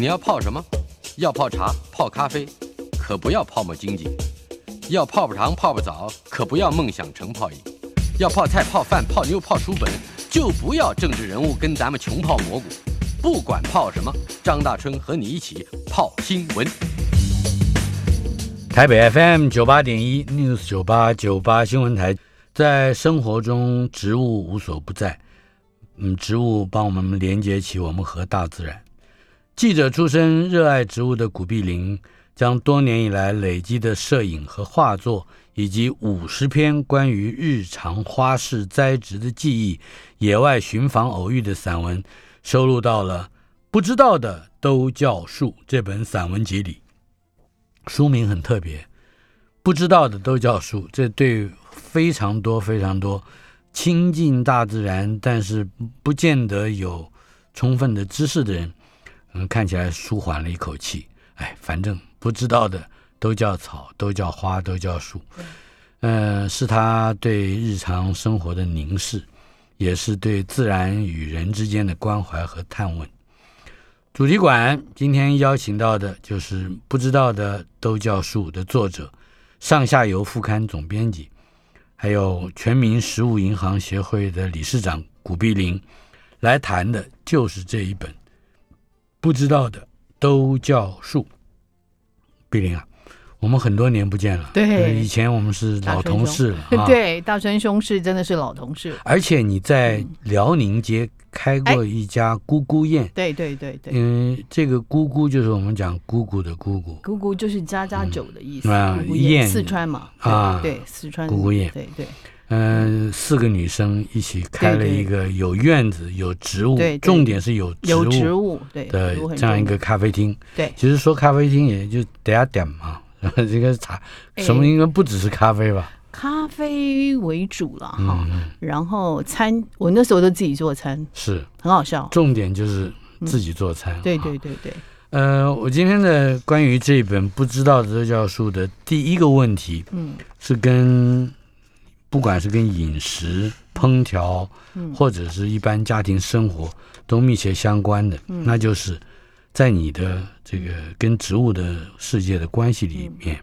你要泡什麼？要泡茶、泡咖啡，可不要泡沫經濟；要泡泡湯、泡泡澡，可不要夢想成泡影；要泡菜、泡飯、泡妞、泡書本，就不要政治人物跟咱們窮泡蘑菇。不管泡什麼，張大春和你一起泡新聞。台北 FM 九八點一 News 九八九八新聞台，在生活中，植物無所不在。嗯，植物幫我們連接起我們和大自然。記者出身、熱愛植物的古碧玲，將多年以來累積的攝影和畫作，以及五十篇關於日常花式栽植的記憶、野外尋訪偶遇的散文，收錄到了《不知道的都叫樹》這本散文集裡。書名很特別，《不知道的都叫樹》，這對非常多非常多親近大自然，但是不見得有充分的知識的人。嗯，看起來舒緩了一口氣。哎，反正不知道的都叫草，都叫花，都叫樹。嗯、呃，是他對日常生活的凝視，也是對自然與人之間的關懷和探問。主題館今天邀請到的就是《不知道的都叫樹》的作者，上下游副刊總編輯，還有全民食物銀行協會的理事長古碧玲。來談的就是這一本。不知道的都叫樹。碧玲啊，我們很多年不見了。對，以前我們是老同事了。啊、對，大春兄是真的是老同事。而且你在遼寧街開過一家姑姑宴，嗯哎。對對對對。嗯，這個姑姑就是我們講姑姑的姑姑。姑姑就是家家酒的意思啊，宴四川嘛啊，對四川姑姑宴，對對。嗯，四個女生一起開了一個有院子、有植物，重點是有植物的這樣一個咖啡廳。對，其實說咖啡廳也就等下點嘛，然後應該是茶，什麼應該不只是咖啡吧？咖啡為主了哈。然後餐，我那時候都自己做餐，是很好笑。重點就是自己做餐。對對對對。呃，我今天的關於這本不知道的都叫樹的第一個問題，嗯，是跟。不管是跟飲食、烹調，或者是一般家庭生活都密切相關的，那就是在你的這個跟植物的世界的關係裡面，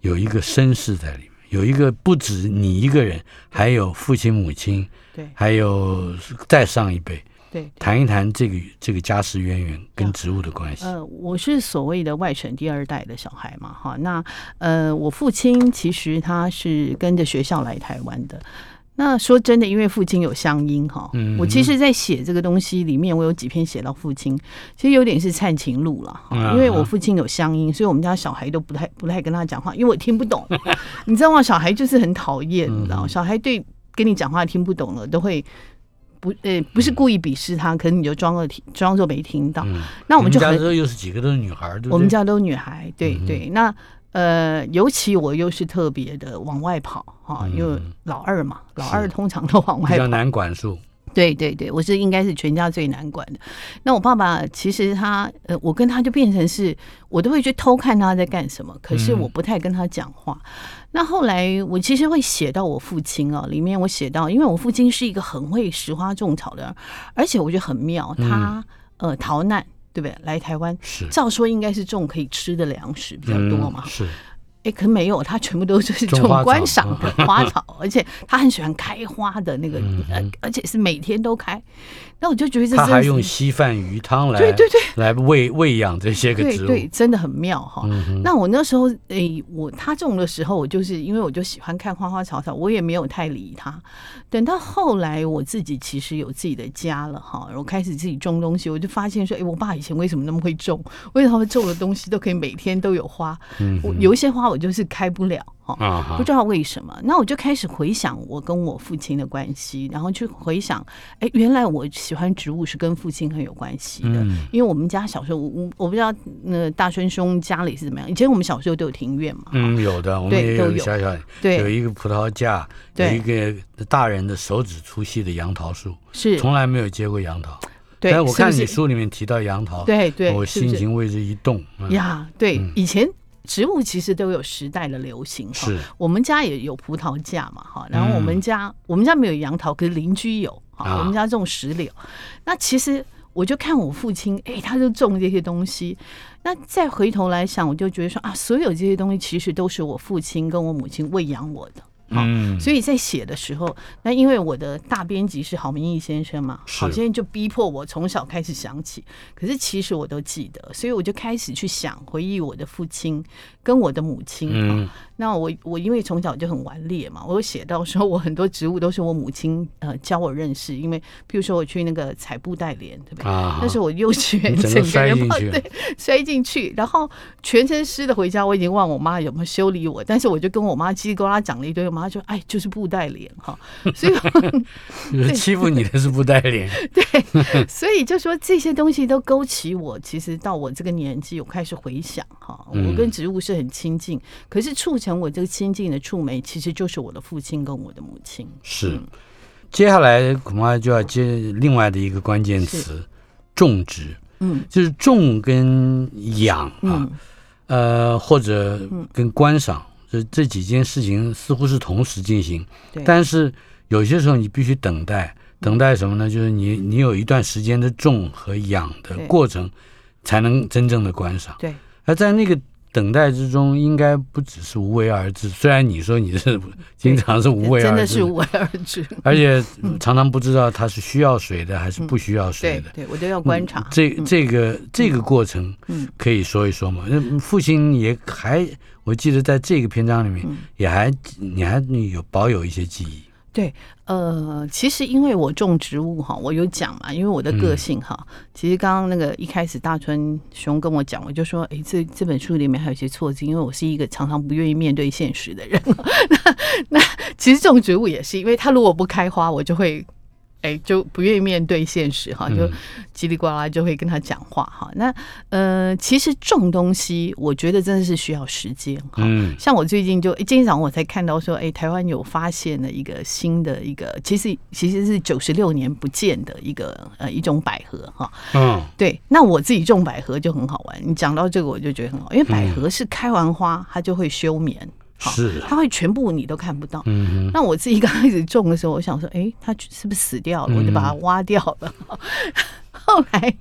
有一個身世在裡面，有一個不止你一個人，還有父親、母親，對，還有再上一輩。對，談一談這個這個家世淵源跟植物的關係啊。呃，我是所謂的外省第二代的小孩嘛，哈，那呃，我父親其實他是跟着學校來台灣的。那說真的，因為父親有鄉音，哈、嗯哼，我其實在寫這個東西裡面，我有幾篇寫到父親，其實有點是《燦情錄》了，因為我父親有鄉音，嗯、啊啊，所以我們家小孩都不太不太跟他講話，因為我聽不懂。 你知道嗎？小孩就是很討厭，你知道小孩對跟你講話聽不懂了，都會。不，呃，不是故意鄙視他，嗯、可能你就裝個聽，裝作沒聽到。嗯、那我們就很，你們家那又是幾個都是女孩，對對，我們家都是女孩，對、嗯、哼對。那呃，尤其我又是特別的往外跑哈，嗯、哼因為老二嘛，老二通常都往外跑，比較難管束。對對對，我是應該是全家最難管的。那我爸爸其實他，呃，我跟他就變成是我都會去偷看他在幹什麼，可是我不太跟他講話。嗯那後來我其實會寫到我父親啊、哦，裡面我寫到，因為我父親是一個很會蒔花種草的人，而且我覺得很妙，嗯、他呃逃難對不對？來台灣，是照說應該是種可以吃的糧食比較多嘛，嗯、是，哎可沒有，他全部都是種觀賞的花草，花草 而且他很喜歡開花的那個，嗯、哼而且是每天都開。那我就覺得這是他還用稀飯魚湯來對對對來餵餵養這些個植物，對對，真的很妙哈。嗯哼。那我那時候誒，我他種的時候，我就是因為我就喜歡看花花草草，我也沒有太理他。等到後來我自己其實有自己的家了哈，然後開始自己種東西，我就發現說，哎，我爸以前為什麼那麼會種？為什麼種的東西都可以每天都有花？我有一些花我就是開不了。嗯不知道為什麼，那我就開始回想我跟我父親的關係，然後去回想，哎，原來我喜歡植物是跟父親很有關係的。因為我們家小時候，我我我不知道那大春兄家裡是怎麼樣。以前我們小時候都有庭院嘛，嗯，有的，我們也有。小小，對，有一個葡萄架，有一個大人的手指粗細的楊桃樹，是從來沒有結過楊桃。對，我看你書裡面提到楊桃，對對，我心情為之一動。呀，對，以前。植物其實都有時代的流行是，我們家也有葡萄架嘛哈，然後我們家、嗯、我們家沒有楊桃，可是鄰居有哈，我們家種石榴，啊、那其實我就看我父親誒、欸，他就種這些東西，那再回頭來想，我就覺得說啊，所有這些東西其實都是我父親跟我母親餵養我的。嗯，所以在寫的時候，那因為我的大編輯是郝明義先生嘛，郝先生就逼迫我從小開始想起。可是其實我都記得，所以我就開始去想回憶我的父親跟我的母親。嗯，那我我因為從小就很頑劣嘛，我有寫到說我很多植物都是我母親呃教我認識，因為比如說我去那個採布袋蓮，對不對？啊，但是我又稚園整、啊、整個人塞進去，塞進去，然後全身濕的回家。我已經問我媽有沒有修理我，但是我就跟我媽嘰里呱啦講了一堆嘛。他就哎，就是布袋蓮哈，所以 欺負你的是布袋蓮。 對，所以就說這些東西都勾起我，其實到我這個年紀，我開始回想哈，我跟植物是很親近，嗯、可是促成我這個親近的觸媒，其實就是我的父親跟我的母親。是，嗯、接下來恐怕就要接另外的一個關鍵詞——是種植。嗯，就是種跟養、嗯、啊，呃，或者跟觀賞。嗯這這幾件事情似乎是同時進行，對但是有些時候你必須等待，等待什麼呢？就是你你有一段時間的種和養的過程，才能真正的觀賞。對。而在那個等待之中，應該不只是無為而治。雖然你說你是經常是無為而治，真的是無為而治，而且常常不知道它是需要水的還是不需要水的。對，對我都要觀察。嗯、這這個這個過程，可以說一說嗎？父親也還。我記得在這個篇章裡面，也還、嗯、你還有保有一些記憶。對，呃，其實因為我種植物哈，我有講嘛，因為我的個性哈，嗯、其實剛剛那個一開始大春兄跟我講，我就說，誒、欸，這這本書裡面還有一些錯字，因為我是一個常常不願意面對現實的人。 那那其實種植物也是，因為它如果不開花，我就會。哎，就不願意面對現實哈，就嘰里呱啦就會跟他講話哈。那呃，其實種東西，我覺得真的是需要時間哈。像我最近就今天早上我才看到說，哎，台灣有發現了一個新的一個，其實其實是九十六年不見的一個呃一種百合哈。嗯，對，那我自己種百合就很好玩。你講到這個，我就覺得很好，因為百合是開完花它就會休眠。是，他會全部你都看不到。那、嗯嗯、我自己剛開始種的時候，我想說，哎、欸，他是不是死掉了？我就把它挖掉了。嗯嗯 後來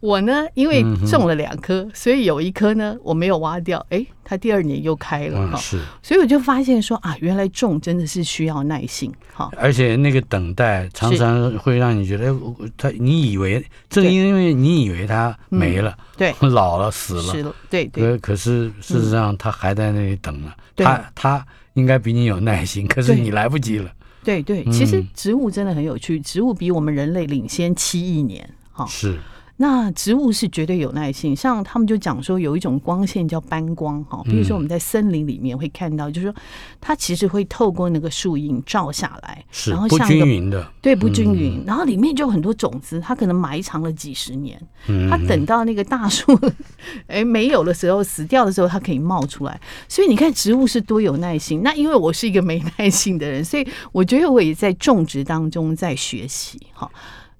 我呢，因為種了兩棵，嗯、哼所以有一棵呢，我沒有挖掉。哎，它第二年又開了哈、嗯哦，所以我就發現說啊，原來種真的是需要耐心哈。哦、而且那個等待常常會讓你覺得，他是、哎、你以為正因為你以為它沒了，對，嗯、老了死了，死了，對。對可可是事實上它還在那裡等了、啊，他、嗯、它、它應該比你有耐心，可是你來不及了。對對，對對嗯、其實植物真的很有趣，植物比我們人類領先七億年。是，那植物是絕對有耐性。像他們就講說，有一種光線叫斑光哈。比如說我們在森林裡面會看到，就是說它其實會透過那個樹蔭照下來，是，然後像一個不均勻的，對，不均勻。嗯、然後裡面就很多種子，它可能埋藏了幾十年，它等到那個大樹哎沒有的時候，死掉的時候，它可以冒出來。所以你看植物是多有耐心。那因為我是一個沒耐性的人，所以我覺得我也在種植當中在學習哈。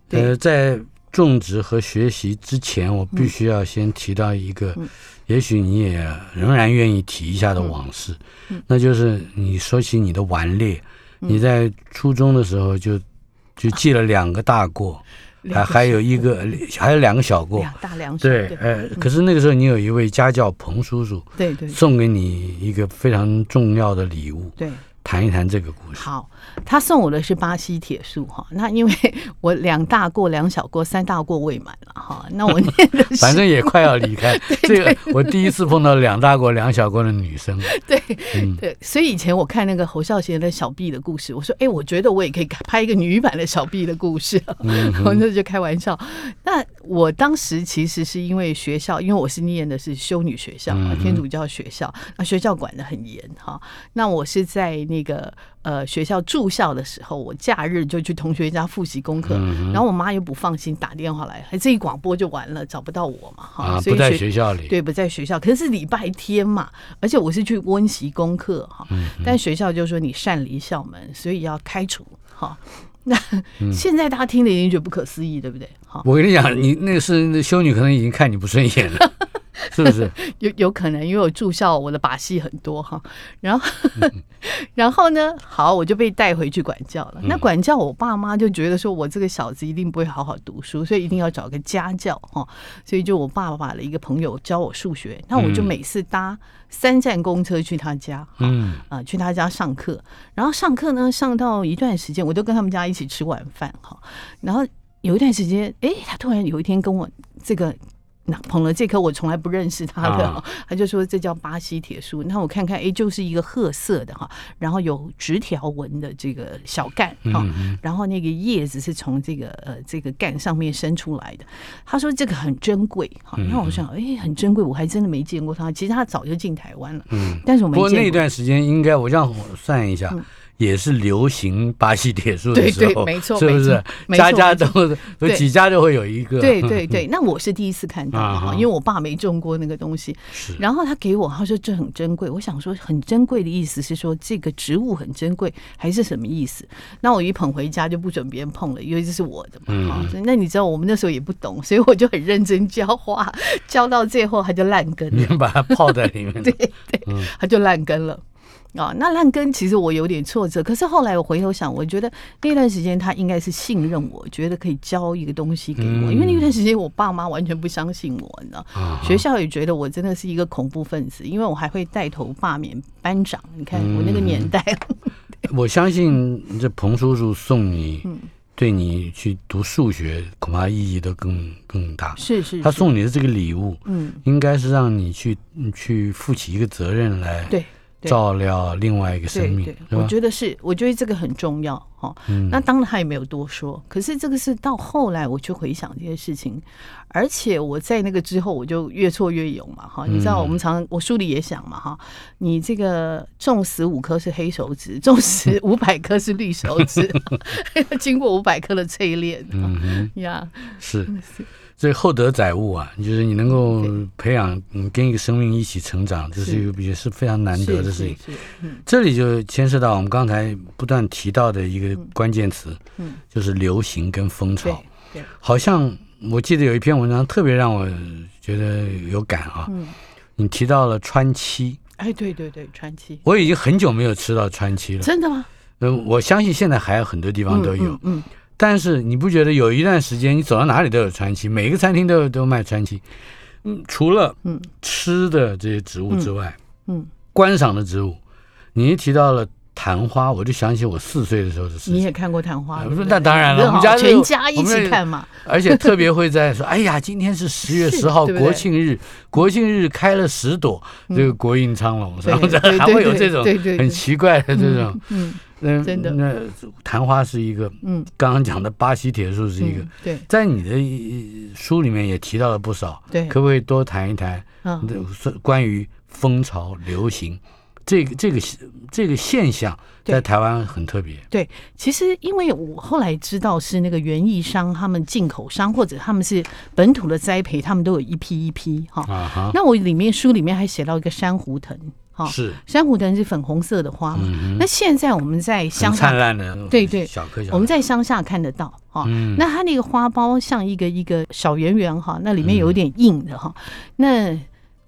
對呃，在。種植和學習之前，我必須要先提到一個，也許你也仍然願意提一下的往事，那就是你說起你的頑劣，你在初中的時候就就記了兩個大過，還還有一個還有兩個小過，兩大兩小，對，可是那個時候你有一位家教彭叔叔，送給你一個非常重要的禮物，談一談這個故事。好，他送我的是巴西鐵樹哈。那因為我兩大過兩小過三大過未滿了哈。那我念的是， 反正也快要離開。 對對對，這個我第一次碰到兩大過兩小過的女生。嗯、對，對。所以以前我看那個侯孝賢的小畢的故事，我說：“哎、欸，我覺得我也可以拍一個女版的小畢的故事。”我就就開玩笑。那我當時其實是因為學校，因為我是念的是修女學校嘛，天主教學校，那學校管得很嚴哈。那我是在。那個呃學校住校的時候，我假日就去同學家複習功課，嗯、然後我媽又不放心打電話來，這一廣播就完了，找不到我嘛哈，啊、所以學不在學校裡，對，不在學校，可是禮拜天嘛，而且我是去溫習功課哈，嗯嗯、但學校就說你擅離校門，所以要開除哈。那、嗯、現在大家聽了已經覺得不可思議，對不對？好我跟你講，你那個是修女，可能已經看你不順眼了， 是不是？有有可能，因為我住校，我的把戲很多哈。然後，嗯、然後呢？好，我就被帶回去管教了。嗯、那管教我爸媽就覺得說，我這個小子一定不會好好讀書，所以一定要找個家教哈、哦。所以就我爸爸的一個朋友教我數學，那我就每次搭三站公車去他家，嗯啊，去他家上課。然後上課呢，上到一段時間，我都跟他們家一起吃晚飯哈、哦。然後。有一段時間，哎，他突然有一天跟我這個捧了這棵我從來不認識他的、哦，他就說，這叫巴西鐵樹。那我看看，哎，就是一個褐色的哈，然後有直條紋的這個小幹哈，然後那個葉子是從這個呃這個幹上面伸出來的。他說這個很珍貴哈，那我想，哎，很珍貴，我還真的沒見過他。其實他早就進台灣了，嗯，但是我沒見過、嗯。不過那段時間應該我讓我算一下。也是流行巴西鐵樹的時候，對對，沒錯，是不是？家家都是，所以幾家就會有一個。對對對，那我是第一次看到，因為我爸沒種過那個東西。是。然後他給我，他說這很珍貴。我想說，很珍貴的意思是說這個植物很珍貴，還是什麼意思？那我一捧回家就不准別人碰了，因為這是我的嘛。所以那你知道我們那時候也不懂，所以我就很認真澆花，澆到最後它就爛根了。你把它泡在裡面。對對，它就爛根了。哦，那爛根其實我有點挫折，可是後來我回頭想，我覺得那段時間他應該是信任我，覺得可以交一個東西給我，因為那段時間我爸媽完全不相信我，你知道，嗯、學校也覺得我真的是一個恐怖分子，嗯、因為我還會帶頭罷免班長。你看我那個年代，我相信這彭叔叔送你，嗯、對你去讀數學恐怕意義都更更大。是，是是，他送你的這個禮物，嗯，應該是讓你去去負起一個責任來。對。照料另外一個生命，對對吧我覺得是，我覺得這個很重要哈。那當然他也沒有多說，可是這個是到後來我去回想這些事情，而且我在那個之後我就越挫越勇嘛哈。你知道我們常常我書裡也想嘛哈，你這個種死五棵是黑手指，種死五百棵是綠手指， 經過五百顆的淬煉，嗯呀哼，yeah, 是。所以厚德載物啊，就是你能夠培養跟一個生命一起成長，對這是一個也是非常難得的事情。嗯、這裡就牽涉到我們剛才不斷提到的一個關鍵詞，嗯嗯、就是流行跟風潮。好像我記得有一篇文章特別讓我覺得有感啊。嗯、你提到了川七。哎，對對對，川七。我已經很久沒有吃到川七了。真的嗎？嗯，我相信現在還有很多地方都有。嗯。嗯嗯但是你不覺得有一段時間你走到哪裡都有傳奇，每個餐廳都有都賣傳奇。嗯，除了嗯吃的這些植物之外，嗯，嗯觀賞的植物，你一提到了曇花，嗯、我就想起我四歲的時候的事情，你也看過曇花？那當然了，何我，我們家全家一起看嘛。 而且特別會在說，哎呀，今天是十月十號國慶日，對對國慶日開了十朵、嗯、這個國運昌隆，然後還會有這種很奇怪的這種，嗯。嗯嗯，真的，那曇花是一個，嗯，剛剛講的巴西鐵樹是一個，嗯、對，在你的書裡面也提到了不少，對，可不可以多談一談？嗯、啊，關於風潮流行，這個這個這個現象在台灣很特別對。對，其實因為我後來知道是那個園藝商，他們進口商或者他們是本土的栽培，他們都有一批一批哈。啊哈。那我裡面書裡面還寫到一個珊瑚藤。是，珊瑚藤是粉紅色的花嘛？那現在我們在鄉下，燦爛的，對對，我們在鄉下看得到哈。那它那個花苞像一個一個小圓圓哈，那裡面有點硬的哈。那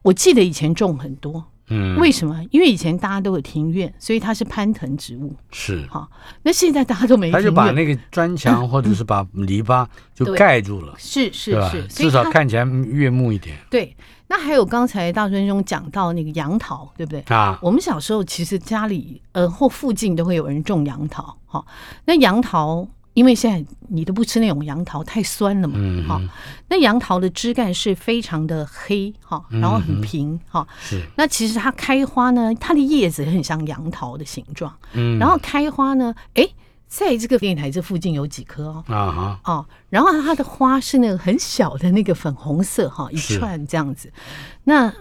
我記得以前種很多，嗯，為什麼？因為以前大家都有庭院，所以它是攀藤植物。是哈，那現在大家都沒庭院，他就把那個磚牆或者是把籬笆就蓋住了，是是是，至少看起來悅目一點。對。那還有剛才大春兄講到那個楊桃，對不對？啊，我們小時候其實家裡呃或附近都會有人種楊桃，哈、哦。那楊桃，因為現在你都不吃那種楊桃，太酸了嘛，哈、嗯哦。那楊桃的枝幹是非常的黑哈、哦，然後很平哈。嗯哦、是。那其實它開花呢，它的葉子很像楊桃的形狀，嗯。然後開花呢，哎。在這個電台這附近有幾棵哦，啊、uh huh. 然後它的花是那個很小的那個粉紅色哈，一串這樣子。是那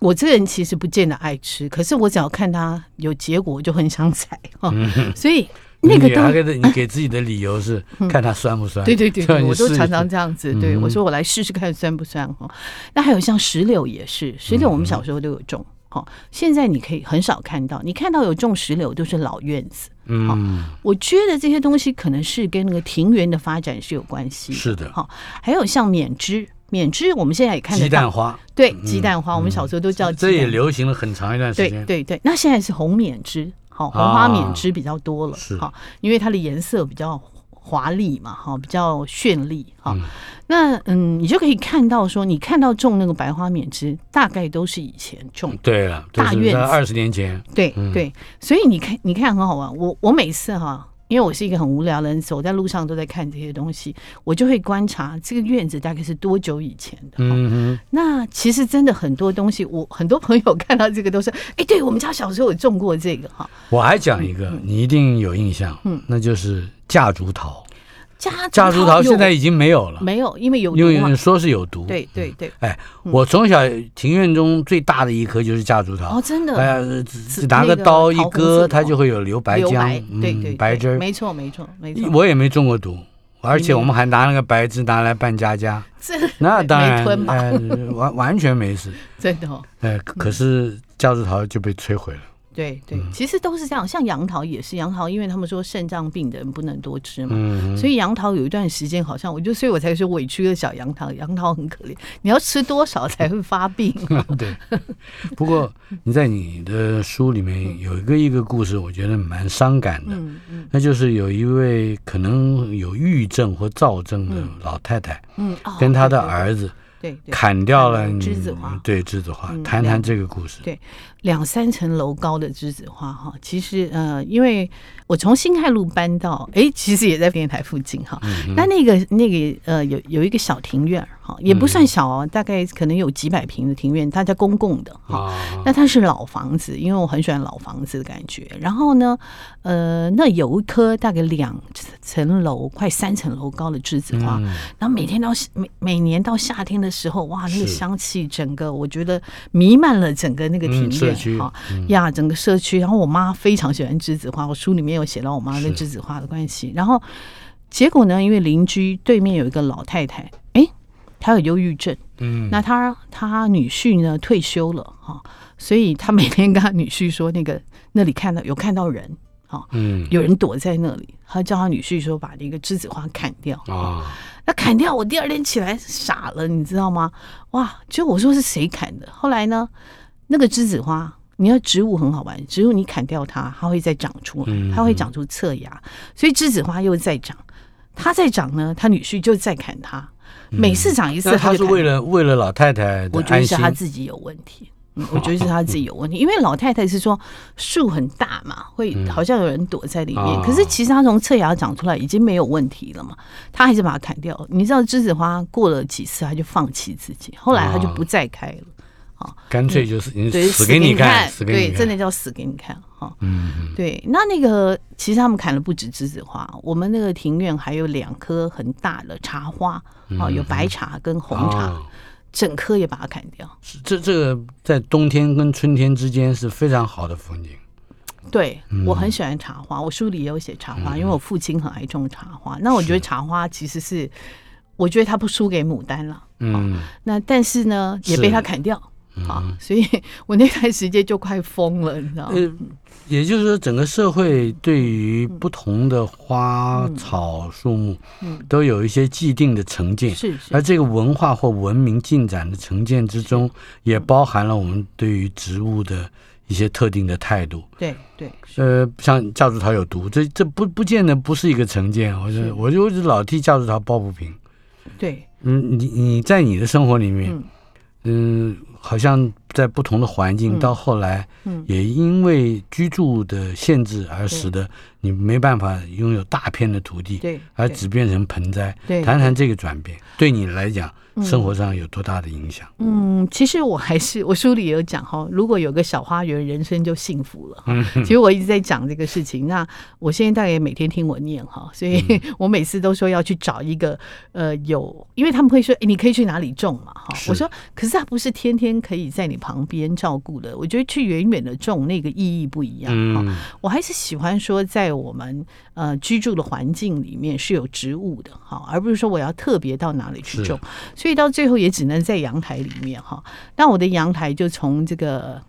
我這個人其實不見得愛吃，可是我只要看它有結果，我就很想採哈。 所以那個都的你給自己的理由是看它酸不酸？ 對，對，對對對， 我都常常這樣子，對 我說我來試試看酸不酸哈。那還有像石榴也是，石榴我們小時候都有種，好，現在你可以很少看到，你看到有種石榴都是老院子。嗯，我覺得這些東西可能是跟那個庭園的發展是有關係。是的，好，還有像緬梔，緬梔我們現在也看到雞蛋花，對雞蛋花，嗯嗯、我們小時候都叫雞蛋花，這也流行了很長一段時間，對對、對。那現在是紅緬梔，好紅花緬梔比較多了，啊、是哈，因為它的顏色比較紅。華麗嘛，哈，比較絢麗哈。嗯，那嗯，你就可以看到說，你看到種那個白花緬梔，大概都是以前種大，對了，大約是在二十年前。對對，所以你看，你看很好玩。我我每次哈。因為我是一個很無聊的人，走在路上都在看這些東西，我就會觀察這個院子大概是多久以前的。嗯哼。那其實真的很多東西，我很多朋友看到這個都是。哎，對，我們家小時候有種過這個哈。我還講一個，嗯，你一定有印象，嗯，那就是夾竹桃。夾竹桃現在已經沒有了，沒有，因為有毒，因為說是有毒，對對對。哎，我從小庭院中最大的一棵就是夾竹桃，哦，真的，哎，只拿個刀一割，它就會有流白漿，嗯，白汁兒，沒錯沒錯沒錯。我也沒中過毒，而且我們還拿那個白汁拿來扮家家，這那當然完完全沒事，真的。哎，可是夾竹桃就被摧毀了。對對，其實都是這樣。像楊桃也是，楊桃因為他們說腎臟病的人不能多吃嘛，嗯、哼所以楊桃有一段時間好像，我就所以我才說委屈了。小楊桃，楊桃很可憐。你要吃多少才會發病？哦呵呵？對。不過你在你的書裡面有一個一個故事，我覺得蠻傷感的，嗯嗯、那就是有一位可能有鬱症或躁症的老太太，嗯，跟她的兒子。嗯哦對對對。對，對，砍掉了梔子花。對，梔子花，嗯、談談這個故事。對，兩三層樓高的梔子花哈，其實呃，因為我從新泰路搬到，哎，其實也在電視台附近哈。嗯、哼那那個那個呃，有有一個小庭院。也不算小哦，嗯、大概可能有幾百坪的庭院，它在公共的。哈、啊，那它是老房子，因為我很喜歡老房子的感覺。然後呢，呃，那有一棵大概兩層樓快三層樓高的梔子花，嗯、然後每天到每每年到夏天的時候，哇，是那個香氣整個我覺得彌漫了整個那個庭院哈呀，整個社區。然後我媽非常喜歡梔子花，我書裡面有寫到我媽跟梔子花的關係。是然後結果呢，因為鄰居對面有一個老太太，他有憂鬱症，嗯，那他他女婿呢退休了，哈、哦，所以他每天跟他女婿說那個那裡看到有看到人啊，哦、嗯，有人躲在那裡，他叫他女婿說把那個梔子花砍掉，哦、啊，那砍掉我第二天起來傻了，你知道嗎？哇，就我說是誰砍的？後來呢，那個梔子花，你要植物很好玩，植物你砍掉它，它會再長出，它會長出側芽，嗯，所以梔子花又再長，它再長呢，他女婿就再砍它。每次長一次他，嗯、但他是為了為了老太太我、嗯，我覺得是他自己有問題。我覺得是他自己有問題，因為老太太是說樹很大嘛，嗯、會好像有人躲在裡面，嗯、可是其實它從側芽長出來已經沒有問題了嘛，他還是把它砍掉。你知道，梔子花過了幾次，它就放棄自己，後來它就不再開了。嗯嗯乾脆就是死給你看，對，真的叫死給你看哈。嗯，對，那那個其實他們砍了不止梔子花，我們那個庭院還有兩棵很大的茶花，啊，有白茶跟紅茶，整棵也把它砍掉。這這個在冬天跟春天之間是非常好的風景。對，我很喜歡茶花，我書裡也有寫茶花，因為我父親很愛種茶花。那我覺得茶花其實是，我覺得它不輸給牡丹了。嗯，那但是呢，也被他砍掉。啊，所以我那段時間就快瘋了，你知道嗎？嗯。也就是說，整個社會對於不同的花草樹木，嗯，嗯、都有一些既定的成見。是是。而這個文化或文明進展的成見之中，是也包含了我們對於植物的一些特定的態度。對對、嗯。呃，像夾竹桃有毒，這這不不見得不是一個成見。我我是我就老替夾竹桃抱不平。對。嗯，你你在你的生活裡面，嗯。嗯好像在不同的環境，到後來，也因為居住的限制而使得你沒辦法擁有大片的土地，而只變成盆栽。談談、嗯嗯、這個轉變，對你來講。生活上有多大的影響？嗯，其實我還是我書裡也有講哈，如果有個小花園，人生就幸福了。其實我一直在講這個事情。那我現在大概也每天聽我念哈，所以我每次都說要去找一個呃有，因為他們會說哎，你可以去哪裡種嘛哈？我說可是他不是天天可以在你旁邊照顧的。我覺得去遠遠的種那個意義不一樣哈。我還是喜歡說在我們呃居住的環境裡面是有植物的哈，而不是說我要特別到哪裡去種。所以。所以到最後也只能在陽台裡面哈，但我的陽台就從這個，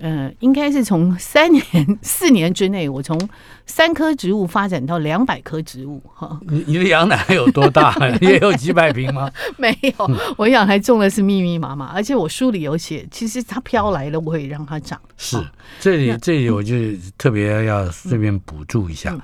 呃，應該是從三年四年之內，我從三棵植物發展到兩百棵植物哈。你你的陽台有多大？ 也有幾百坪嗎？ 沒有，我陽台種的是密密麻麻，而且我書裡有寫，其實它飄來的我也讓它長。是這裡那這裡我就特別要順便補充一下，嗯、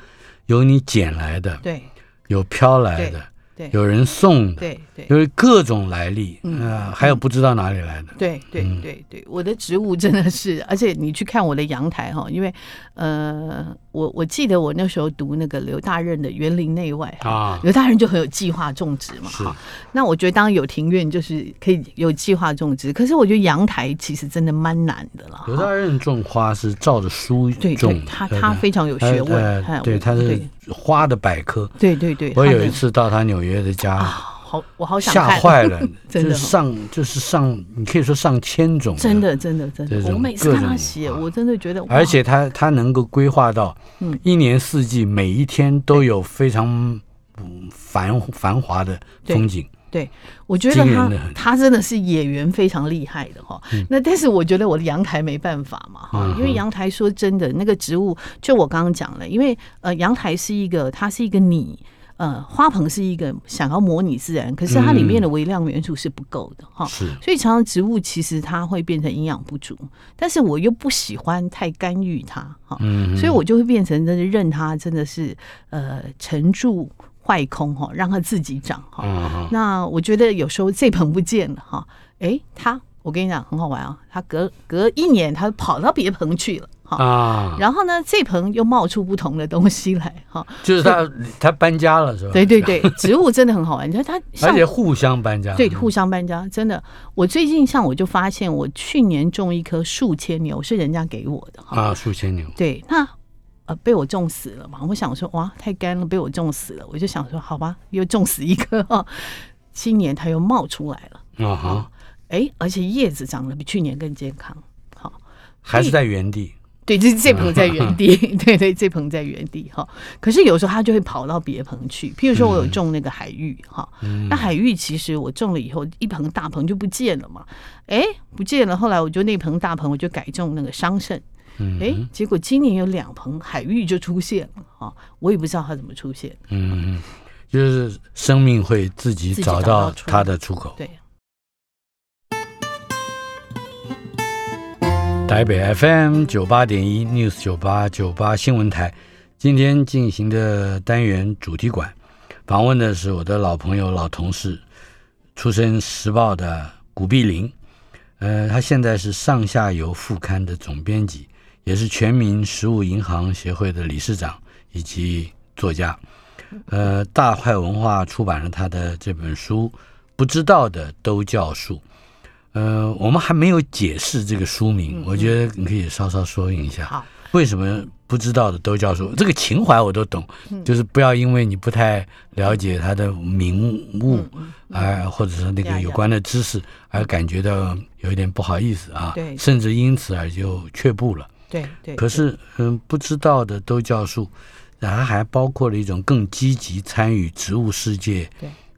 有你撿來的，對，有飄來的。有人送，對對，因為各種來歷啊，還有不知道哪裡來的。對對對對，我的植物真的是，而且你去看我的陽台哈，因為呃，我我記得我那時候讀那個劉大任的《園林內外》啊，劉大任就很有計劃種植嘛。是。那我覺得，當然有庭院就是可以有計劃種植，可是我覺得陽台其實真的蠻難的了。劉大任種花是照着書，對，種，他他非常有學問，對他是。花的百科，對對對，我有一次到他紐約的家，的啊、好，我好想看嚇壞了，就是上 真的、哦、就是上，你可以說上千種真，真的真的真的，種種我每次看他寫，啊、我真的覺得，而且他哇他能夠規劃到，嗯，一年四季每一天都有非常繁、嗯、繁華的風景。對，我覺得他他真的是演員非常厲害的哈。嗯、那但是我覺得我的陽台沒辦法嘛哈，因為陽台說真的，那個植物就我剛剛講了，因為呃陽台是一個，它是一個你呃花盆是一個想要模擬自然，可是它裡面的微量元素是不夠的哈，嗯、所以常常植物其實它會變成營養不足。但是我又不喜歡太干預它哈、嗯，嗯，所以我就會變成真的任它，真的是呃沉住。壞空哈、哦，讓它自己長哈。哦嗯、哼那我覺得有時候這盆不見了哈，哎，它我跟你講很好玩啊，它隔隔一年它就跑到別棚去了哈。哦、啊，然後呢，這盆又冒出不同的東西來哈。哦、就是它，它以搬家了是吧？對對對，植物真的很好玩，你看它，而且互相搬家。對，互相搬家真的。我最近像我就發現，我去年種一棵樹牽牛是人家給我的哈。哦、啊，樹牽牛。對，那。呃，被我種死了嘛？我想說，哇，太乾了，被我種死了。我就想說，好吧，又種死一棵哈。今、哦、年它又冒出來了啊！哎、哦，而且葉子長得比去年更健康。好、哦，還是在原地？對，對，這這盆在原地， 對對，對，這盆在原地哈、哦。可是有時候它就會跑到別棚去。譬如說我有種那個海芋哈，哦嗯、那海芋其實我種了以後，一盆大棚就不見了嘛。哎，不見了。後來我就那盆大棚，我就改種那個桑葚。哎，結果今年有兩盆海芋就出現了，哈，我也不知道它怎麼出現。嗯，就是生命會自己找到它的出口。出對。台北 FM 九八點一 News 九八九八新聞台，今天進行的單元主題館，訪問的是我的老朋友、老同事，出身《時報》的古碧玲。呃，他現在是上下游副刊的總編輯。也是全民食物銀行協會的理事長以及作家，呃，大塊文化出版了他的這本書《不知道的都叫樹》。呃，我們還沒有解釋這個書名，我覺得你可以稍稍說明一下，為什麼不知道的都叫樹？這個情懷我都懂，就是不要因為你不太了解他的名物，啊，或者是那個有關的知識，而感覺到有一點不好意思啊，甚至因此而就卻步了。對對，對對，可是嗯，不知道的都叫樹，然後還包括了一種更積極參與植物世界。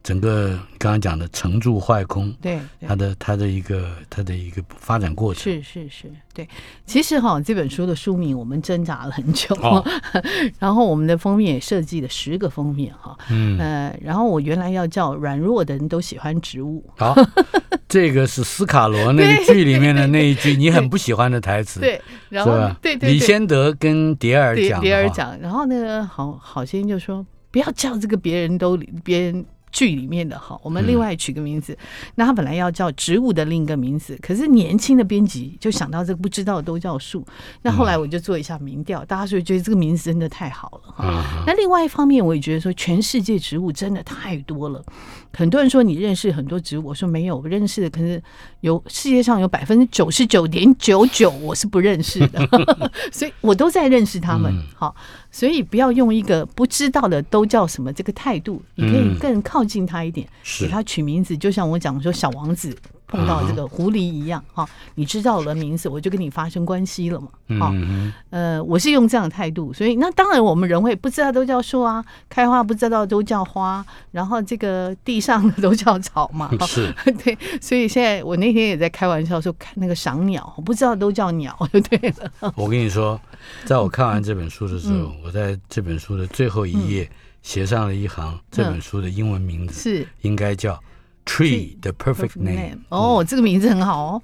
整個剛剛講的成住壞空，對它的他的一個他的一個發展過程，對對，是是是對。其實哈，這本書的書名我們掙扎了很久，哦、 然後我們的封面也設計了十個封面哈、呃，嗯呃，然後我原來要叫軟弱的人都喜歡植物，好， 這個是斯卡羅那個劇裡面的那一句你很不喜歡的台詞，對，然後對對，對，是吧 李仙得跟蝶兒講，蝶兒講，然後那個好好心就說不要叫這個別人都，別人都別人。劇裡面的哈，我們另外取個名字。嗯、那他本來要叫植物的另一個名字，可是年輕的編輯就想到這個不知道都叫樹。那後來我就做一下民調，嗯、大家所以覺得這個名字真的太好了哈。嗯、那另外一方面，我也覺得說，全世界植物真的太多了。很多人說你認識很多植物，我說沒有，我認識的可是有世界上有百分之九十九點九九我是不認識的， 所以我都在認識他們。嗯、好，所以不要用一個不知道的都叫什麼這個態度，嗯、你可以更靠近他一點，是給他取名字。就像我講說小王子。碰到這個狐狸一樣哈、嗯哦，你知道我的名字，我就跟你發生關係了嘛。哈、哦，嗯、呃，我是用這樣的態度，所以那當然我們人會不知道都叫樹啊，開花不知道都叫花，然後這個地上的都叫草嘛。哦、是，對，所以現在我那天也在開玩笑說，看那個賞鳥，我不知道都叫鳥就對了。我跟你說，在我看完這本書的時候，嗯、我在這本書的最後一頁寫上了一行這本書的英文名字、嗯嗯、是應該叫。Tree the perfect name，哦，這個名字很好哦。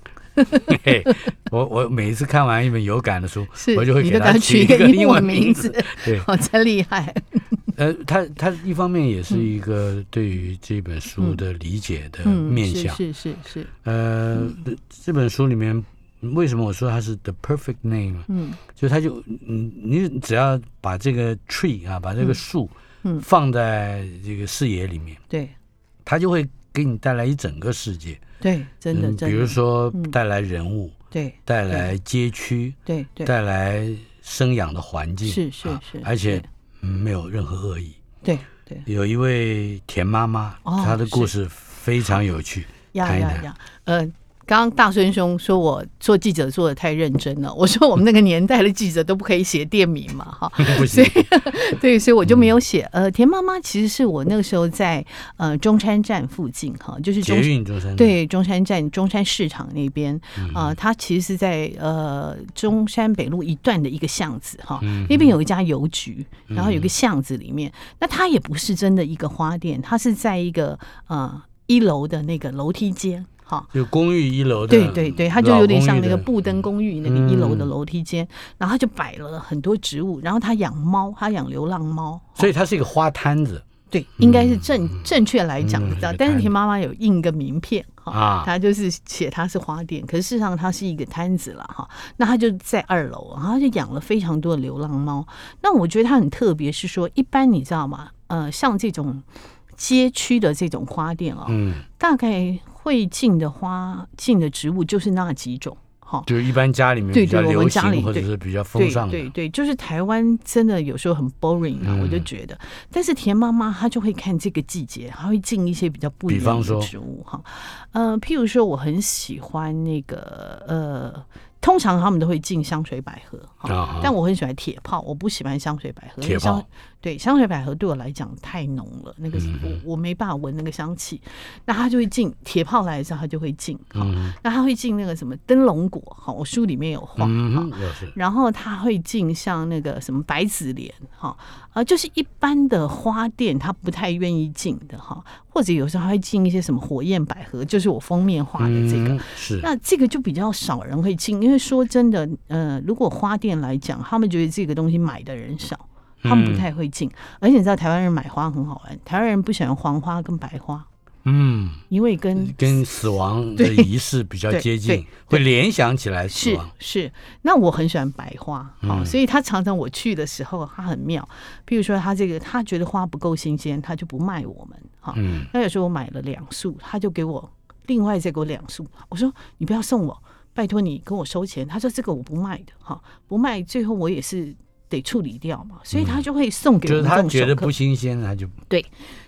我我每一次看完一本有感的書，我就會給他取一個英文名字。對，好，真厲害。呃，他他一方面也是一個對於這本書的理解的面向，是是是。呃，這本書裡面為什麼我說它是 the perfect name？嗯，就它就嗯，你只要把這個 tree 啊，把這個樹嗯放在這個視野裡面，對，它就會。給你帶來一整個世界，對，真的。真的比如說，帶來人物，對、嗯，帶來街區，對，對對，帶來生養的環境，啊、是是是，而且沒有任何惡意。對對，對有一位田媽媽，她的故事非常有趣，談、哦、一談。啊啊呃剛剛大孫兄說我做記者做的太認真了，我說我們那個年代的記者都不可以寫店名嘛，哈，所以對，所以我就沒有寫。嗯、呃，田媽媽其實是我那個時候在呃中山站附近，哈，就是中對中山站，中山站，中山市場那邊，啊、呃，它其實是在呃中山北路一段的一個巷子，哈，嗯、哼那邊有一家郵局，然後有一個巷子裡面，嗯、哼那它也不是真的一個花店，它是在一個呃一樓的那個樓梯間。有公寓一樓的，寓的，對對對，他就有點像那個布登公寓那個一樓的樓梯間，嗯、然後他就擺了很多植物，然後他養貓，他養流浪貓，所以它是一個花攤子。對，嗯、應該是正、嗯、正確來講的，你知道，但是你媽媽有印個名片哈，他、啊、就是寫他是花店，可是事實上他是一個攤子了哈。那他就在二樓，然後她就養了非常多的流浪貓。那我覺得他很特別，是說一般你知道嗎？呃，像這種。街區的這種花店啊、哦，嗯，大概會進的花進的植物就是那幾種哈，就是一般家裡面比較流行或者是比較風尚，對對，對對。就是台灣真的有時候很 boring 啊，嗯、我就覺得。但是田媽媽她就會看這個季節，她會進一些比較不一樣的植物哈，呃，譬、嗯、如說我很喜歡那個呃，通常他們都會進香水百合、哦、哈，但我很喜歡鐵炮，我不喜歡香水百合鐵炮。對，香水百合對我來講太濃了，那個、嗯、哼我我沒辦法聞那個香氣，那它就會進鐵炮來的時候，它就會進，好、哦、嗯、哼那它會進那個什麼燈籠果，好、哦，我書裡面有畫，哦嗯、然後它會進像那個什麼百子蓮，哈、哦、啊、呃，就是一般的花店它不太願意進的哈、哦，或者有時候還會進一些什麼火焰百合，就是我封面畫的這個，嗯、是，那這個就比較少人會進，因為說真的，呃，如果花店來講，他們覺得這個東西買的人少。他們不太會進，而且你知道台灣人買花很好玩。台灣人不喜歡黃花跟白花，嗯，因為跟跟死亡的儀式比較接近，會聯想起來死亡。是，是，那我很喜歡白花，好、嗯，所以他常常我去的時候，他很妙。譬如說，他這個他覺得花不夠新鮮，他就不賣我們哈。嗯、那有時候我買了兩束，他就給我另外再給我兩束。我說你不要送我，拜托你給我收錢。他說這個我不賣的，哈，不賣。最後我也是。得處理掉嘛，所以他就會送給、嗯。就是他覺得不新鮮，他就對。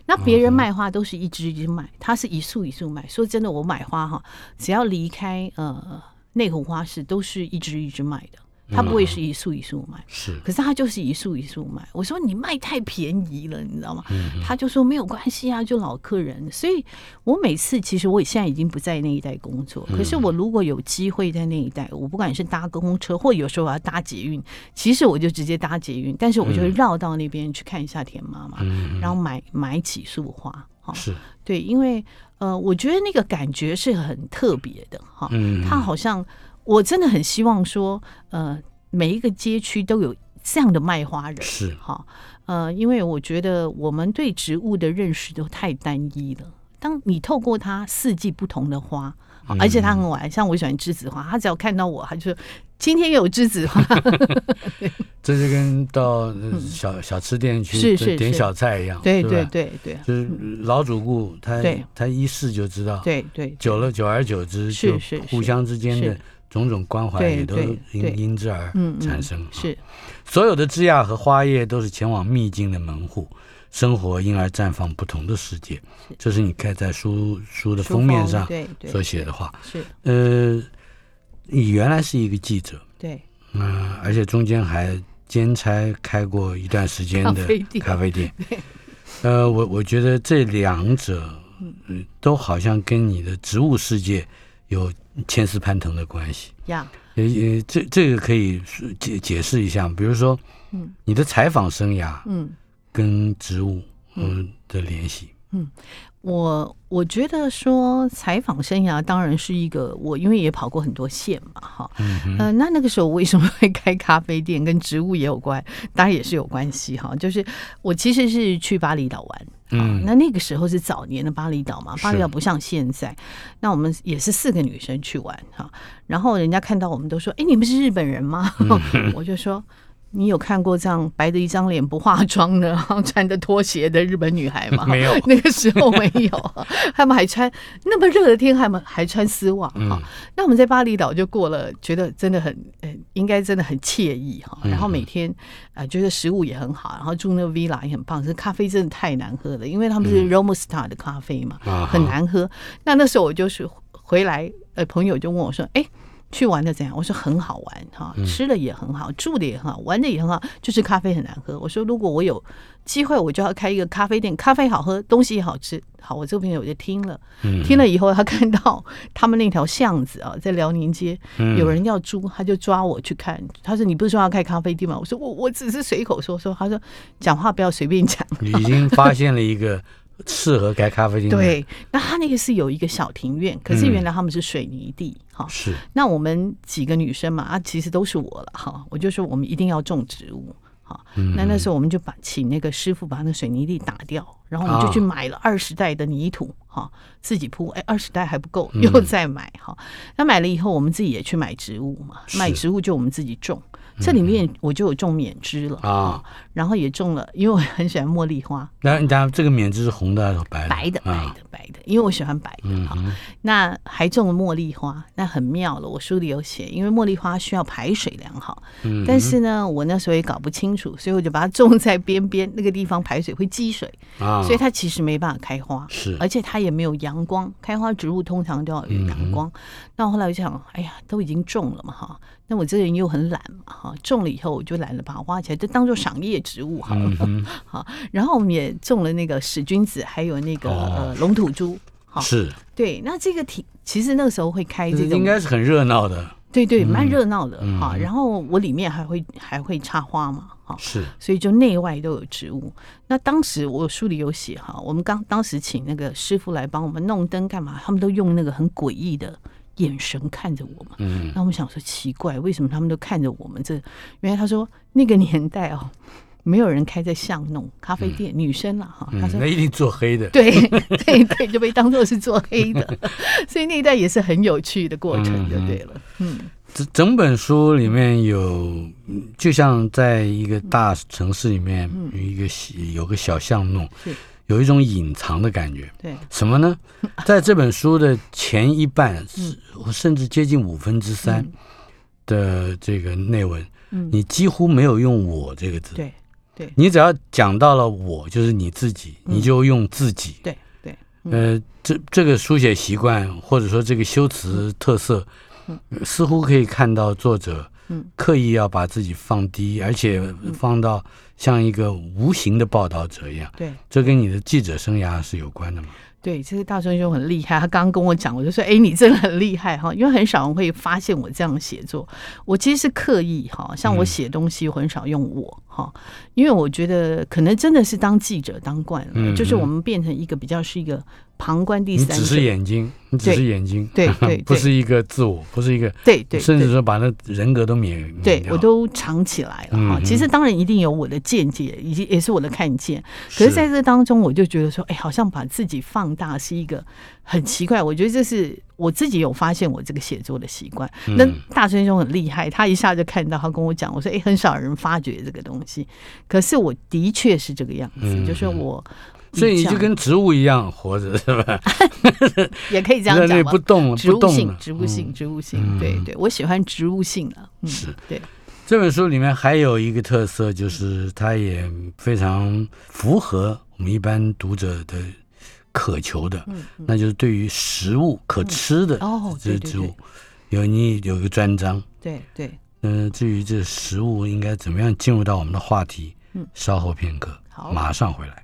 那別人賣花都是一枝一枝賣，他是一束一束賣。嗯、說真的，我買花哈，只要離開呃內湖花市，都是一枝一枝賣的。他不會是一束一束賣、嗯，是，可是他就是一束一束賣。我說你賣太便宜了，你知道嗎？他就說沒有關係啊，就老客人。所以我每次其實我現在已經不在那一帶工作，可是我如果有機會在那一帶，嗯、我不管是搭公車或有時候我要搭捷運，其實我就直接搭捷運，但是我就會繞到那邊去看一下田媽媽，嗯嗯嗯然後買買幾束花。哦、是，對，因為呃，我覺得那個感覺是很特別的哈，他、哦嗯嗯、好像。我真的很希望說，呃，每一個街區都有這樣的賣花人是哈，呃，因為我覺得我們對植物的認識都太單一了。當你透過它四季不同的花，而且它很晚，像我喜歡栀子花，他只要看到我，他就說，今天有栀子花。這就跟到小小吃店去是點小菜一樣，對對對對，就是老主顧，他他一試就知道，對對，久了久而久之就互相之間的。種種關懷也都因對對對，因之而產生，啊。嗯嗯、是，所有的枝椏和花葉都是前往秘境的門戶，生活因而綻放不同的世界。這是你開在書書的封面上所寫的話。是，呃，你原來是一個記者，對，嗯，而且中間還兼差開過一段時間的咖啡店。咖啡店，呃，我我覺得這兩者，嗯，都好像跟你的植物世界有牽絲攀藤的關係，Yeah. 這這個可以解，解釋一下，比如說，你的採訪生涯，跟植物，嗯，的聯繫。嗯，我我覺得說採訪生涯當然是一個我，因為也跑過很多線嘛，哈、嗯哼，嗯那、呃、那個時候為什麼會開咖啡店，跟植物也有關，當然也是有關係哈。就是我其實是去巴厘島玩，嗯，那、啊、那個時候是早年的巴厘島嘛，巴厘島不像現在，是那我們也是四個女生去玩哈，然後人家看到我們都說，哎，你們是日本人嗎？嗯、哼我就說。你有看過這樣白的一張臉不化妝的，然後穿着拖鞋的日本女孩嗎？ 沒有，那個時候沒有。 他們還穿那麼熱的天，他們還穿絲襪、嗯哦、那我們在巴厘島就過了，覺得真的很，欸、應該真的很愜意哈、哦。然後每天啊、呃，覺得食物也很好，然後住那個 Villa 也很棒。可是咖啡真的太難喝了，因為他們是 Romanstar 的咖啡嘛，嗯、很難喝。那、嗯、那時候我就是回來，呃，朋友就問我說：“哎、欸。”去玩的怎樣？我說很好玩，哈，吃的也很好，嗯、住的也很好，玩的也很好，就是咖啡很難喝。我說如果我有機會，我就要開一個咖啡店，咖啡好喝，東西也好吃。好，我這個朋友我就聽了，聽了以後他看到他們那條巷子啊，在遼寧街，嗯、有人要租，他就抓我去看。他說你不是說要開咖啡店嗎？我說我我只是隨口說說。他說講話不要隨便講。你已經發現了一個。 適合開咖啡廳。對，那他那個是有一個小庭院，嗯、可是原來他們是水泥地哈。是。哦，那我們幾個女生嘛啊，其實都是我了哈、哦。我就說我們一定要種植物哈、哦。那那時候我們就把請那個師傅把那個水泥地打掉，然後我們就去買了二十袋的泥土哈、哦，自己鋪。哎，二十袋還不夠，又再買哈、嗯哦。那買了以後，我們自己也去買植物嘛，買植物就我們自己種。這裡面我就有種緬梔了啊，哦、然後也種了，因為我很喜歡茉莉花。那你、看這個緬梔是紅的還是白的？白的，啊、白的，白的，因為我喜歡白的哈、嗯哼哦。那還種了茉莉花，那很妙了。我書裡有寫，因為茉莉花需要排水良好。嗯、哼但是呢，我那時候也搞不清楚，所以我就把它種在邊邊那個地方，排水會積水啊，所以它其實沒辦法開花。是、嗯哼。而且它也沒有陽光，開花植物通常都要有陽光。嗯、哼那我後來我就想，哎呀，都已經種了嘛哈。我這個人又很懶嘛哈，種了以後我就懶得把它挖起來，就當做賞葉植物好了、嗯、哼然後我們也種了那個使君子，還有那個呃龍吐珠哈。哦、好是對，那這個挺其實那個時候會開這個應該是很熱鬧的。對對，蠻熱鬧的哈、嗯。然後我裡面還會還會插花嘛哈，是，所以就內外都有植物。那當時我書裡有寫哈，我們剛當時請那個師傅來幫我們弄燈幹嘛，他們都用那個很詭異的。眼神看着我們，嗯，那我們想說奇怪，為什麼他們都看着我們？這原來他說那個年代哦，沒有人開在巷弄咖啡店，嗯、女生了哈。哦嗯、他說那一定做黑的，對 對對、對，就被當做是做黑的， 所以那一代也是很有趣的過程，就對了。嗯、哼嗯，這整本書裡面有，就像在一個大城市裡面，有一個小、嗯、有個小巷弄。是有一種隱藏的感覺，對，什麼呢？在這本書的前一半， 嗯、甚至接近五分之三的這個內文，嗯、你幾乎沒有用“我”這個字，對，對，你只要講到了我，就是你自己，你就用自己，對對、嗯，呃，這這個書寫習慣或者說這個修辭特色，呃、似乎可以看到作者。嗯，刻意要把自己放低，而且放到像一個無形的報道者一樣。嗯嗯、對，這跟你的記者生涯是有關的嗎？對，這個大春兄很厲害，他剛剛跟我講，我就說，哎，你真的很厲害哈，因為很少人會發現我這樣寫作。我其實是刻意哈，像我寫東西，很少用我。嗯哈，因為我覺得可能真的是當記者當慣了，就是我們變成一個比較是一個旁觀第三者，嗯嗯、只是眼睛，你只是眼睛，對對，對對對 不是一個自我，不是一個對對，對甚至說把那人格都免於，免對我都藏起來了哈。嗯、其實當然一定有我的見解，以及也是我的看見，可是在這當中，我就覺得說，哎，好像把自己放大是一個很奇怪，我覺得這是。我自己有發現我這個寫作的習慣。那大春兄很厲害，他一下就看到，他跟我講，我說：“哎，很少人發覺這個東西，可是我的確是這個樣子，嗯、就是我。”所以你就跟植物一樣活着，是吧？嗯、 也可以這樣講 不動，植物性，植物性，植物性，嗯、對對，我喜歡植物性嗯，是，對。這本書裡面還有一個特色，就是它也非常符合我們一般讀者的。渴求的，嗯嗯、那就是對於食物可吃的這些植物，嗯哦、對對對，有你有一個專章。對對。那至於這食物應該怎麼樣進入到我們的話題，嗯，稍後片刻，馬上回來。好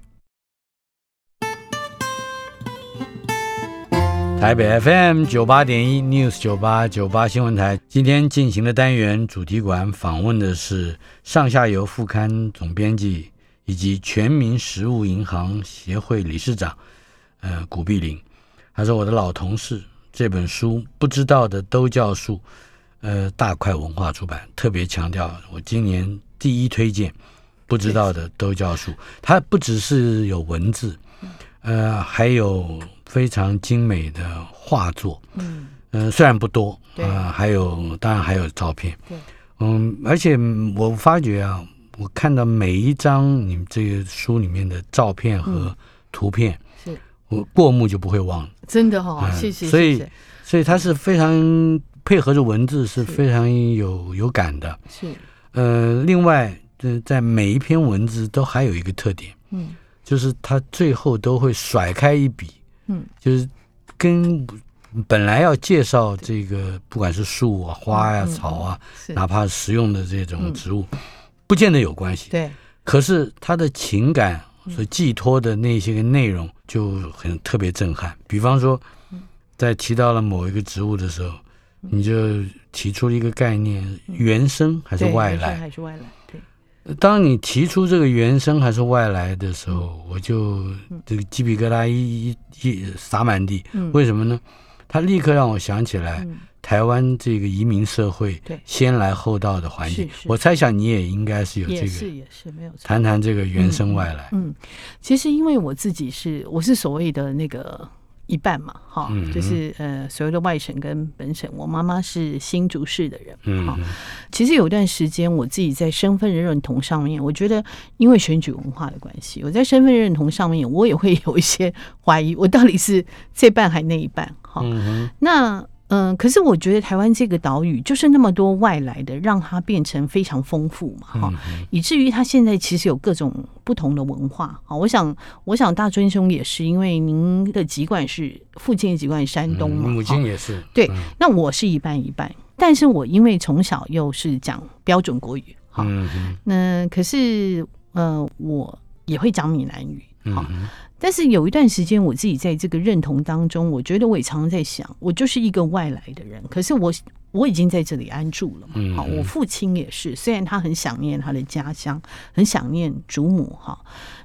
台北 FM 九八點一 News 九八九八新聞台今天進行的單元主題館訪問的是上下游副刊總編輯以及全民食物銀行協會理事長。呃，古碧玲，還是我的老同事。這本書不知道的都叫樹。呃，大塊文化出版特別強調，我今年第一推薦。不知道的都叫樹。對它不只是有文字，呃，還有非常精美的畫作。嗯、呃、雖然不多，啊對、呃，還有當然還有照片。嗯，而且我發覺啊，我看到每一張你這個書裡面的照片和圖片。嗯我過目就不會忘了，真的哈，謝謝。所以，所以它是非常配合着文字，是非常有有感的。是，呃，另外，在每一篇文字都還有一個特點，嗯，就是它最後都會甩開一筆，嗯，就是跟本來要介紹這個，不管是樹啊、花呀、草啊，哪怕食用的這種植物，不見得有關係，對。可是他的情感。所以寄託的那些個內容就很特別震撼。比方說，在提到了某一個植物的時候，你就提出了一個概念：原生還是外來？嗯、還是，還是外來？對。當你提出這個原生還是外來的時候，我就這個雞皮疙瘩一一一撒滿地。嗯、為什麼呢？它立刻讓我想起來。嗯台灣這個移民社會，先來後到的環境，對我猜想你也應該是有這個。也是也是沒有。談談這個原生外來嗯。嗯，其實因為我自己是我是所謂的那個一半嘛，哈、嗯哼，就是呃所謂的外省跟本省，我媽媽是新竹市的人，哈、嗯哼。其實有一段時間我自己在身份認同上面，我覺得因為選舉文化的關係，我在身份認同上面我也會有一些懷疑，我到底是這半還那一半？哈、嗯哼，那。嗯，可是我覺得台灣這個島嶼就是那麼多外來的，讓它變成非常豐富嘛，哈，以至於它現在其實有各種不同的文化。好，我想，我想大春兄也是，因為您的籍貫是父親的籍貫山東嘛，嗯、母親也是，對，嗯、那我是一半一半，但是我因為從小又是講標準國語，哈，嗯嗯、那可是，呃，我也會講閩南語。好，但是有一段時間，我自己在這個認同當中，我覺得我也常常在想，我就是一個外來的人，可是我我已經在這裡安住了嘛。好，我父親也是，雖然他很想念他的家鄉，很想念祖母，哈。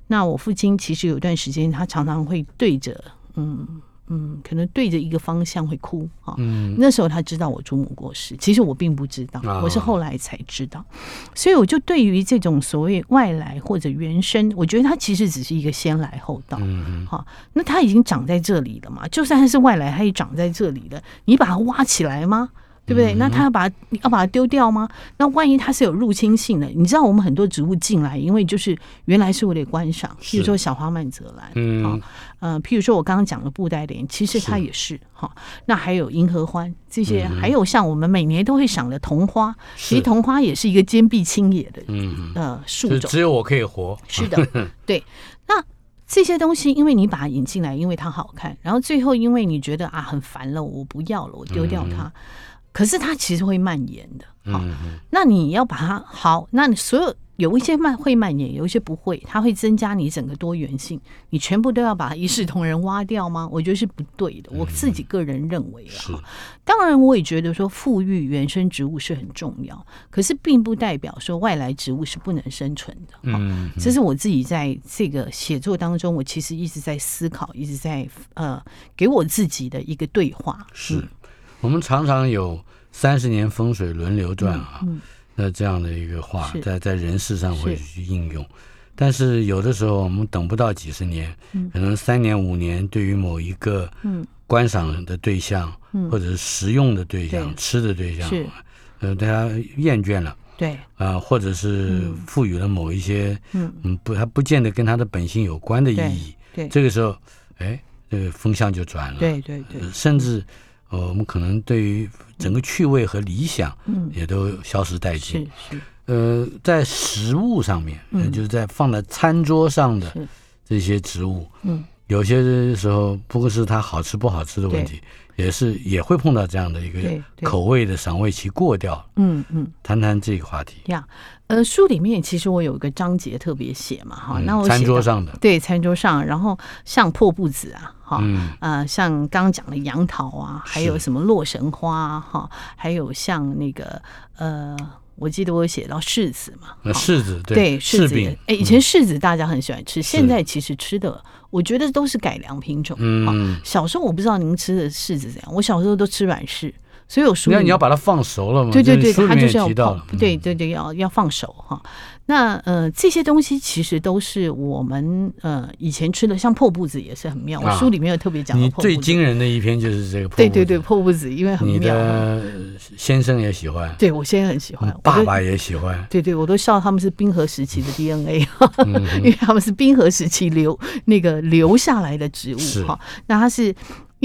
那我父親其實有一段時間，他常常會對着，嗯。嗯，可能對着一個方向會哭啊。哦，嗯，那時候他知道我祖母過世，其實我並不知道，我是後來才知道。哦，所以我就對於這種所謂外來或者原生，我覺得它其實只是一個先來後到。嗯嗯，哦，那它已經長在這裡了嘛，就算它是外來，它也長在這裡了。你把它挖起來嗎？對不對？那他要把他要把它丟掉嗎？那萬一它是有入侵性的？你知道我們很多植物進來，因為就是原來是為了觀賞，譬如說小花蔓澤蘭，嗯、哦，呃，譬如說我剛剛講的布袋蓮，其實它也是哈是、哦。那還有銀合歡這些，嗯、還有像我們每年都會賞的桐花，是其實桐花也是一個堅壁清野的、嗯、呃樹種，只有我可以活。是的，對。 那這些東西，因為你把它引進來，因為它好看，然後最後因為你覺得啊很煩了，我不要了，我丟掉它。嗯它可是它其實會蔓延的，好、嗯哼啊，那你要把它好，那你所有有一些蔓會蔓延，有一些不會，它會增加你整個多元性，你全部都要把它一視同仁挖掉嗎？我覺得是不對的，我自己個人認為、嗯、哼啊。當然，我也覺得說，富裕原生植物是很重要，可是並不代表說外來植物是不能生存的。啊、嗯哼，這是我自己在這個寫作當中，我其實一直在思考，一直在呃，給我自己的一個對話。是、嗯。我們常常有三十年風水輪流轉啊，那這樣的一個話在在人事上會去應用，但是有的時候我們等不到幾十年，可能三年五年，對於某一個觀賞的對象，或者是食用的對象、吃的對象，呃，大家厭倦了，對，啊，或者是賦予了某一些，嗯，不，他不見得跟他的本性有關的意義，對，這個時候，哎，這個風向就轉了，對對對，甚至。我們可能對於整個趣味和理想，嗯，也都消失殆盡。是是。呃，在食物上面，嗯，就是在放在餐桌上的這些植物，嗯，嗯有些時候，不過是它好吃不好吃的問題，對也是也會碰到這樣的一個口味的賞味期過掉了。嗯嗯，談談這個話題。嗯嗯 yeah. 呃，書裡面其實我有一個章節特別寫嘛，哈，那我餐桌上的，對，餐桌上，然後像破布子啊，哈，呃，像剛剛講的楊桃啊，還有什麼洛神花哈，還有像那個呃，我記得我寫到柿子嘛，柿子，對，柿子，哎，以前柿子大家很喜歡吃，現在其實吃的我覺得都是改良品種，嗯，小時候我不知道你們吃的柿子怎樣，我小時候都吃軟柿。所以，我熟。你要你要把它放熟了嘛？對對對，它就是要泡，對對對，要要放手哈。嗯、那呃，這些東西其實都是我們呃以前吃的，像破布子也是很妙。啊、我書裡面有特別講。你最驚人的一篇就是這個破布子，對對對對，破布子，因為很妙。先生也喜歡。對，我先生很喜歡。爸爸也喜歡。對對，我都笑他們是冰河時期的 DNA，、嗯、哼 因為他們是冰河時期留那個留下來的植物哈。嗯、哼那它是。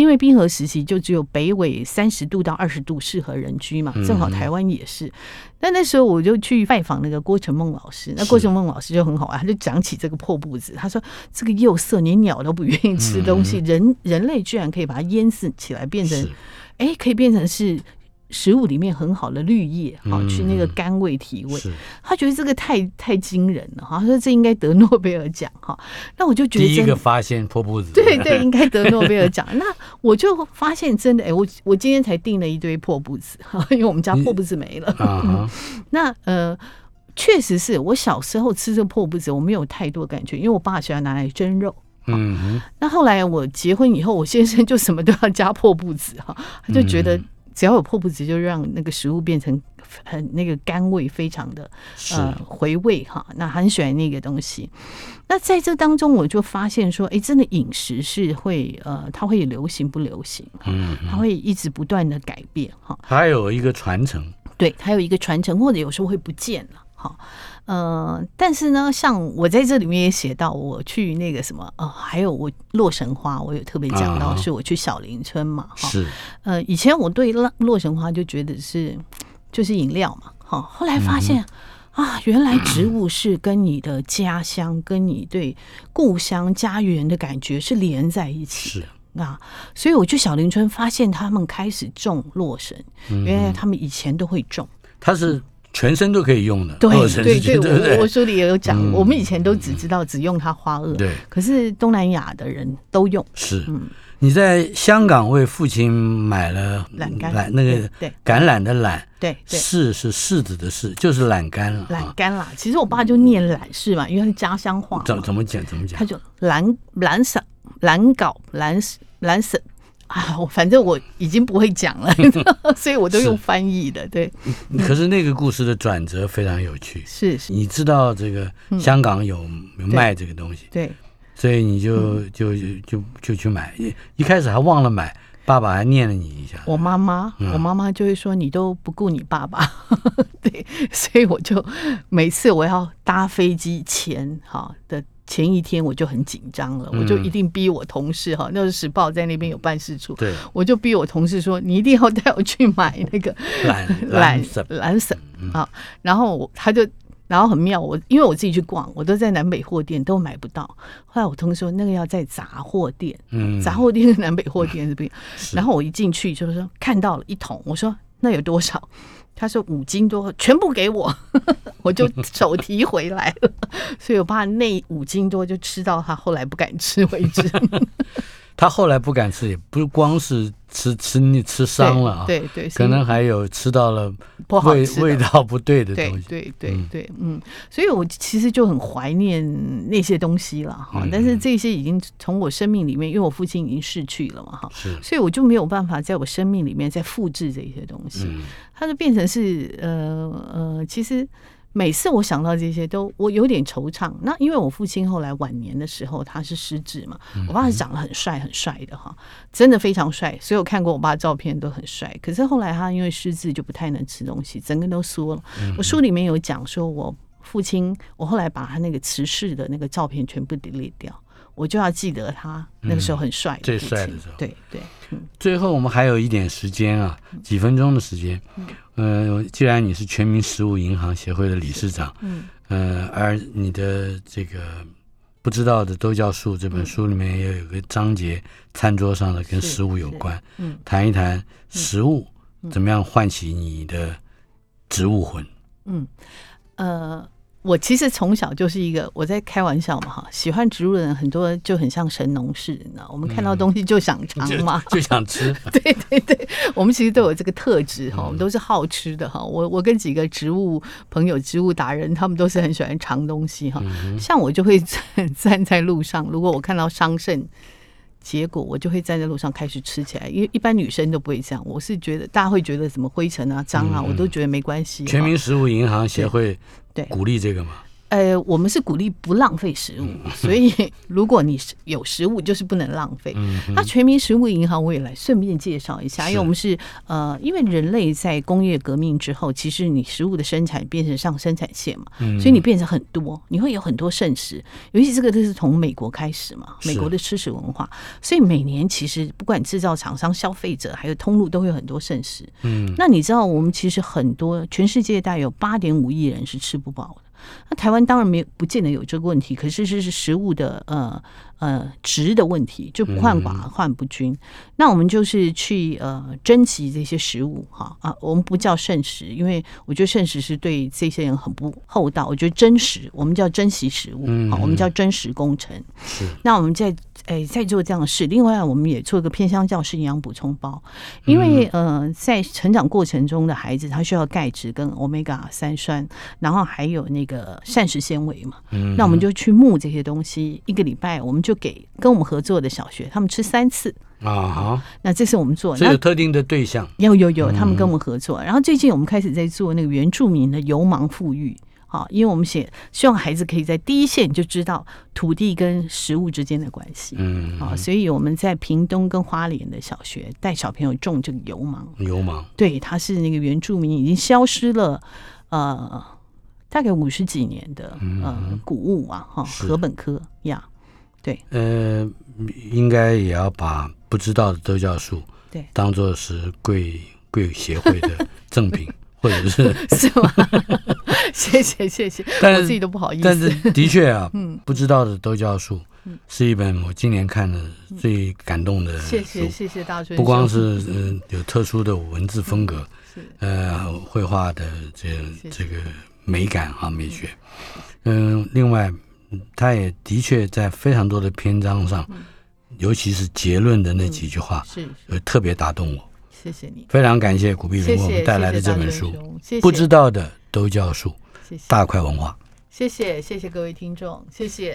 因為冰河時期就只有北緯三十度到二十度適合人居嘛，正好台灣也是。嗯、但那時候我就去拜訪那個郭城孟老師，那郭城孟老師就很好啊，他就講起這個破布子，他說這個釉色連鳥都不願意吃東西，嗯、人人類居然可以把它醃漬起來變成，是誒，可以變成是。食物裡面很好的綠葉，哈，去那個甘味提味，嗯、他覺得這個太太驚人了，哈，他說這應該得諾貝爾獎，哈。那我就覺得真第一個發現破布子，對，對對，應該得諾貝爾獎。 那我就發現真的，哎、欸，我我今天才訂了一堆破布子，哈，因為我們家破布子沒了。嗯啊嗯、那呃，確實是我小時候吃這破布子，我沒有太多感覺，因為我爸喜歡拿來蒸肉。嗯哼那後來我結婚以後，我先生就什麼都要加破布子，哈，他就覺得。嗯只要有迫不及就讓那個食物變成很那個甘味非常的，呃回味哈，那很喜歡那個東西。那在這當中，我就發現說，哎，真的飲食是會呃，它會流行不流行？嗯，它會一直不斷的改變哈，還有一個傳承，對，還有一個傳承，或者有時候會不見了。好，呃，但是呢，像我在這裡面也寫到，我去那個什麼，呃，還有我洛神花，我有特別講到，啊、是我去小林村嘛，哈，是，呃，以前我對洛神花就覺得是就是飲料嘛，哈，後來發現、嗯、哼啊，原來植物是跟你的家鄉，嗯、哼跟你對故鄉家園的感覺是連在一起，是啊，所以我去小林村發現他們開始種洛神，嗯、哼原來他們以前都會種，他是。全身都可以用的，對對對，我我書裡也有講。我們以前都只知道只用它花萼，對。可是東南亞的人都用，是。嗯，你在香港為父親買了欖乾欖那個，對橄欖的欖，對柿是柿子的柿，就是欖乾了，欖乾啦。其實我爸就念欖柿嘛，因為他是家鄉話。怎怎麼講？怎麼講？他就欖欖散，欖搞，欖欖散。啊，我反正我已經不會講了， 所以我都用翻譯的。是對，可是那個故事的轉折非常有趣。是，是，你知道這個香港有、嗯、有賣這個東西，對，所以你就、嗯、就就就，就去買。一開始還忘了買，嗯、爸爸還念了你一下。我媽媽，嗯、我媽媽就會說你都不顧你爸爸。 對，所以我就每次我要搭飛機前，哈的。前一天我就很緊張了，我就一定逼我同事哈，嗯、那時時報在那邊有辦事處，對我就逼我同事說，你一定要帶我去買那個藍藍藍，藍色啊。嗯、然後他就然後很妙，我因為我自己去逛，我都在南北貨店都買不到。後來我同事說那個要在雜貨店，嗯、雜貨店跟南北貨店是不是？嗯、是，然後我一進去就說看到了一桶，我說那有多少？他說五斤多，全部給我， 我就手提回來了。 所以我爸那五斤多就吃到他後來不敢吃為止。 他後來不敢吃，也不光是吃吃膩吃，吃傷了啊，對對，對對，可能還有吃到了味好味道不對的東西，對對對，嗯，對，對，對嗯，所以我其實就很懷念那些東西了哈，但是這些已經從我生命裡面，因為我父親已經逝去了嘛哈，是，所以我就沒有辦法在我生命裡面再複製這些東西，嗯，它就變成是呃呃，其實。每次我想到這些，都我有點惆悵。那因為我父親後來晚年的時候，他是失智嘛。我爸是長得很帥，很帥的哈，真的非常帥。所以我看過我爸的照片都很帥。可是後來他因為失智，就不太能吃東西，整個都縮了。我書裡面有講，說我父親，我後來把他那個辭世的那個照片全部 delete 掉，我就要記得他那個時候很帥，嗯，最帥的時候。對對，對、嗯。最後我們還有一點時間啊，幾分鐘的時間。呃，既然你是全民食物銀行協會的理事長，嗯，呃，而你的這個不知道的都叫樹，嗯，這本書裡面也有個章節，餐桌上的跟食物有關，嗯，談一談食物，嗯，怎麼樣喚起你的植物魂，嗯，呃。我其實從小就是一個，我在開玩笑嘛哈，喜歡植物的人很多，就很像神農氏的。我們看到東西就想嚐嘛，嗯、就，就想吃。 對對對，我們其實都有這個特質哈，我們都是好吃的哈。我我跟幾個植物朋友、植物達人，他們都是很喜歡嚐東西哈。像我就會站在路上，如果我看到桑葚。結果我就會站在路上開始吃起來，因為一般女生都不會這樣。我是覺得大家會覺得什麼灰塵啊，啊、髒啊、嗯，嗯、我都覺得沒關係。全民食物銀行協會，對，對鼓勵這個嗎？呃，我們是鼓勵不浪費食物，所以如果你是有食物，就是不能浪費。嗯、哼那全民食物銀行，我也來順便介紹一下，因為我們是呃，因為人類在工業革命之後，其實你食物的生產變成上生產線嘛，所以你變成很多，你會有很多剩食。尤其這個都是從美國開始嘛，美國的吃食文化，所以每年其實不管製造廠商、消費者還有通路，都會有很多剩食。嗯，那你知道，我們其實很多全世界大概有八點五億人是吃不飽的。那台灣當然沒有，不見得有這個問題。可是，是是食物的，呃。呃，值的問題就不患寡而患不均。嗯嗯那我們就是去呃珍惜這些食物哈啊，我們不叫剩食，因為我覺得剩食是對這些人很不厚道。我覺得珍食，我們叫珍惜食物，嗯嗯好，我們叫珍食工程。是。那我們在哎，在做這樣的事，另外我們也做一個偏鄉教室營養補充包，因為呃在成長過程中的孩子他需要鈣質跟歐米伽三酸，然後還有那個膳食纖維嘛。嗯。那我們就去募這些東西，一個禮拜我們就。就給跟我們合作的小學，他們吃三次啊哈、嗯。那這是我們做，所以有特定的對象。有有有，他們跟我們合作。嗯、然後最近我們開始在做那個原住民的油芒復育啊、哦，因為我們寫希望孩子可以在第一線就知道土地跟食物之間的關係。嗯啊、哦，所以我們在屏東跟花蓮的小學帶小朋友種這個油芒。油芒、嗯、對，它是那個原住民已經消失了呃大概五十幾年的嗯，穀、呃、物啊哈禾本科呀。是嗯對，呃，應該也要把不知道的都叫樹，對，當做是貴貴協會的贈品，對 或者是是嗎？謝謝 謝謝，謝謝但是自己都不好意思。但是的確啊，嗯，不知道的都叫樹，是一本我今年看的最感動的、嗯。謝謝謝謝大，大春，不光是嗯有特殊的文字風格，嗯、呃繪畫的這個、謝謝這個美感啊美學，嗯、呃，另外。他也的確在非常多的篇章上，嗯、尤其是結論的那幾句話，嗯、是，是特別打動我。謝謝你，非常感謝古碧玲為我們帶來的這本書。謝謝不知道的都叫樹，謝謝大塊文化。謝謝，謝謝各位聽眾，謝謝。